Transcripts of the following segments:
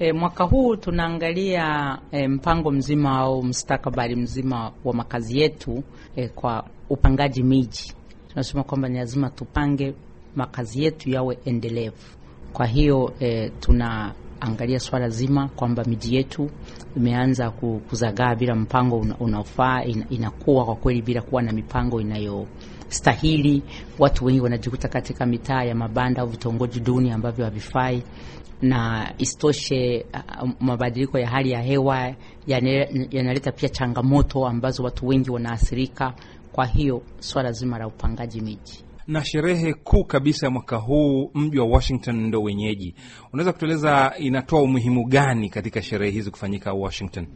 E, mwaka huu tunaangalia e, mpango mzima au mstakabali mzima wa makazi yetu e, kwa upangaji miji. Tunasema kwamba ni lazima tupange makazi yetu yawe endelevu. Kwa hiyo e, tunaangalia swala zima kwamba miji yetu imeanza kuzagaa bila mpango unaofaa, inakuwa kwa kweli bila kuwa na mipango inayo stahili. Watu wengi wanajikuta katika mitaa ya mabanda au vitongoji duni ambavyo havifai na isitoshe, uh, um, mabadiliko ya hali ya hewa yanaleta pia changamoto ambazo watu wengi wanaathirika. Kwa hiyo swala zima la upangaji miji na sherehe kuu kabisa ya mwaka huu, mji wa Washington ndo wenyeji. Unaweza kutueleza inatoa umuhimu gani katika sherehe hizi kufanyika Washington?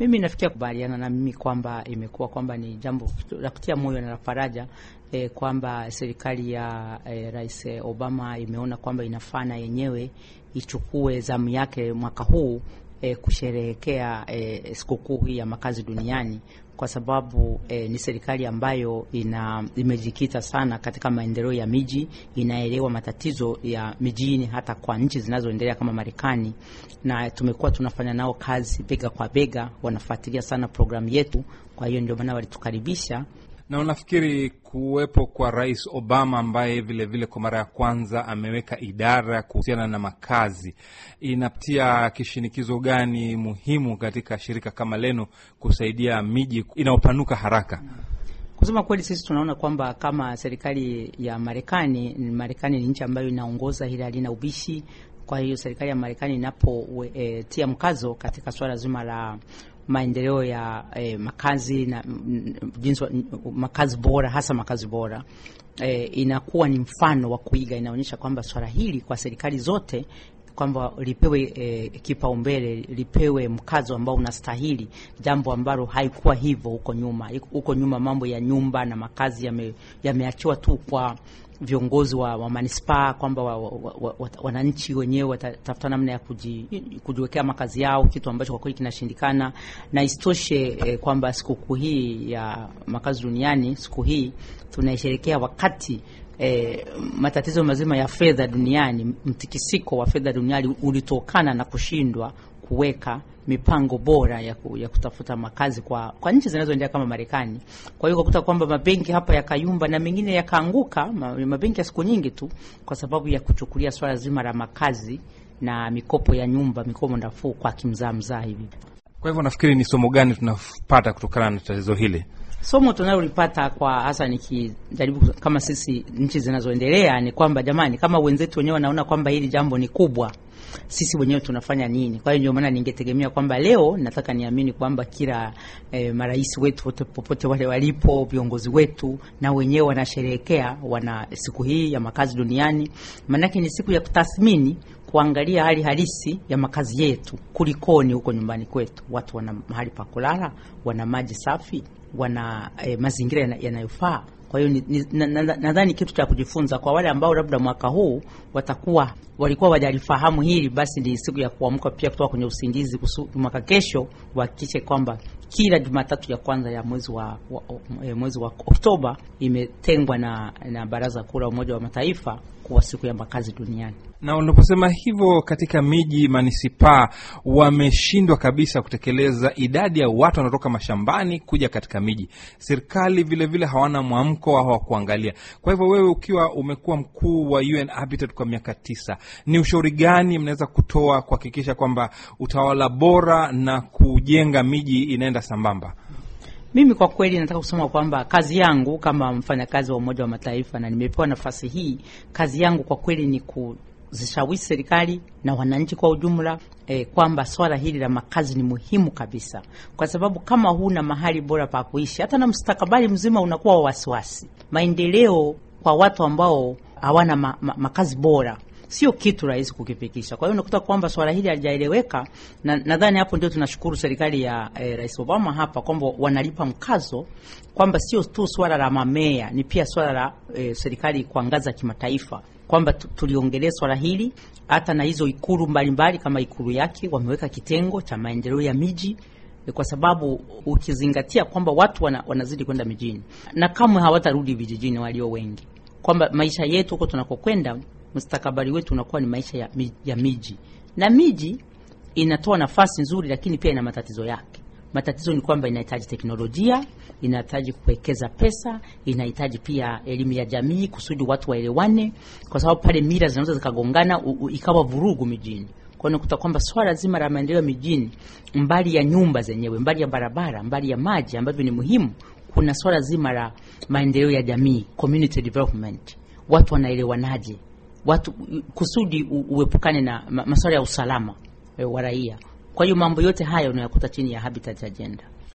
Mimi nafikia kubaliana na mimi kwamba imekuwa kwamba ni jambo la kutia moyo na la faraja e, kwamba serikali ya e, Rais Obama imeona kwamba inafaa na yenyewe ichukue zamu yake mwaka huu e, kusherehekea e, sikukuu hii ya makazi duniani kwa sababu e, ni serikali ambayo ina imejikita sana katika maendeleo ya miji, inaelewa matatizo ya mijini hata kwa nchi zinazoendelea kama Marekani, na tumekuwa tunafanya nao kazi bega kwa bega, wanafuatilia sana programu yetu. Kwa hiyo ndio maana walitukaribisha na unafikiri kuwepo kwa Rais Obama ambaye vilevile kwa mara ya kwanza ameweka idara kuhusiana na makazi inapatia kishinikizo gani muhimu katika shirika kama lenu kusaidia miji inayopanuka haraka? Kusema kweli, sisi tunaona kwamba kama serikali ya Marekani, Marekani ni nchi ambayo inaongoza hili halina ubishi. Kwa hiyo serikali ya Marekani inapotia e, mkazo katika swala zima la maendeleo ya eh, makazi na jinsi makazi bora hasa makazi bora eh, inakuwa ni mfano wa kuiga. Inaonyesha kwamba swala hili kwa serikali zote kwamba lipewe e, kipaumbele, lipewe mkazo ambao unastahili, jambo ambalo haikuwa hivyo huko nyuma. Huko nyuma mambo ya nyumba na makazi yameachiwa ya tu kwa viongozi wa, wa manispaa kwamba wananchi wa, wa, wa, wenyewe watatafuta namna ya kujiwekea makazi yao, kitu ambacho kwa kweli kinashindikana. Na isitoshe eh, kwamba sikukuu hii ya makazi duniani, siku hii tunaisherekea wakati E, matatizo mazima ya fedha duniani, mtikisiko wa fedha duniani ulitokana na kushindwa kuweka mipango bora ya, ku, ya kutafuta makazi kwa, kwa nchi zinazoendelea kama Marekani. Kwa hiyo ukakuta kwamba mabenki hapa yakayumba na mengine yakaanguka, mabenki ya siku nyingi tu, kwa sababu ya kuchukulia swala zima la makazi na mikopo ya nyumba, mikopo nafuu kwa kimzaamzaa hivi. Kwa hivyo nafikiri ni somo gani tunapata kutokana na tatizo hili? Somo tunalolipata kwa hasa nikijaribu kama sisi nchi zinazoendelea ni kwamba jamani, kama wenzetu wenyewe wanaona kwamba hili jambo ni kubwa, sisi wenyewe tunafanya nini? Kwa hiyo ndio maana ningetegemea kwamba leo, nataka niamini kwamba kila e, marais wetu popote wale walipo, viongozi wetu na wenyewe wanasherehekea wana siku hii ya makazi duniani, maanake ni siku ya kutathmini kuangalia hali halisi ya makazi yetu, kulikoni huko nyumbani kwetu, watu wana mahali pa kulala, wana maji safi, wana e, mazingira yanayofaa. Kwa hiyo nadhani na, na, kitu cha kujifunza kwa wale ambao labda mwaka huu watakuwa walikuwa wajalifahamu hili, basi ni siku ya kuamka pia kutoka kwenye usingizi kusu, mwaka kesho wahakikishe kwamba kila Jumatatu ya kwanza ya mwezi wa, wa, eh, mwezi wa Oktoba imetengwa na, na Baraza Kuu la Umoja wa Mataifa kuwa siku ya makazi duniani. Na unaposema hivyo, katika miji manisipaa wameshindwa kabisa kutekeleza idadi ya watu wanaotoka mashambani kuja katika miji. Serikali vilevile hawana mwamko wa hawakuangalia. Kwa hivyo wewe ukiwa umekuwa mkuu wa UN Habitat kwa miaka tisa, ni ushauri gani mnaweza kutoa kuhakikisha kwamba utawala bora na kujenga miji inaenda sambamba? Mimi kwa kweli nataka kusema kwamba kazi yangu kama mfanyakazi wa Umoja wa Mataifa na nimepewa nafasi hii, kazi yangu kwa kweli ni ku zishawishi serikali na wananchi kwa ujumla eh, kwamba swala hili la makazi ni muhimu kabisa, kwa sababu kama huna mahali bora pa kuishi, hata na mustakabali mzima unakuwa wa wasiwasi. Maendeleo kwa watu ambao hawana ma, ma, makazi bora sio kitu rahisi kukifikisha. Kwa hiyo unakuta kwamba swala hili halijaeleweka, na nadhani hapo ndio tunashukuru serikali ya eh, Rais Obama hapa kwamba wanalipa mkazo kwamba sio tu swala la mamea, ni pia swala la eh, serikali kwa ngazi ya kimataifa kwamba tuliongelea swala hili hata na hizo ikulu mbalimbali kama ikulu yake wameweka kitengo cha maendeleo ya miji, eh, kwa sababu ukizingatia kwamba watu wana, wanazidi kwenda mijini na kamwe hawatarudi vijijini walio wengi, kwamba maisha yetu huko tunakokwenda mustakabali wetu unakuwa ni maisha ya, ya miji na miji inatoa nafasi nzuri, lakini pia ina matatizo yake. Matatizo ni kwamba inahitaji teknolojia, inahitaji kuwekeza pesa, inahitaji pia elimu ya jamii kusudi watu waelewane, kwa sababu pale mila zinaweza zikagongana ikawa vurugu mijini. Kwa hiyo nakuta kwamba swala zima la maendeleo mijini, mbali ya nyumba zenyewe, mbali ya barabara, mbali ya maji ambavyo ni muhimu, kuna swala zima la maendeleo ya jamii, community development. Watu wanaelewanaje? watu kusudi uepukane na masuala ya usalama eh, wa raia. Kwa hiyo mambo yote hayo unayakuta chini ya habitat agenda.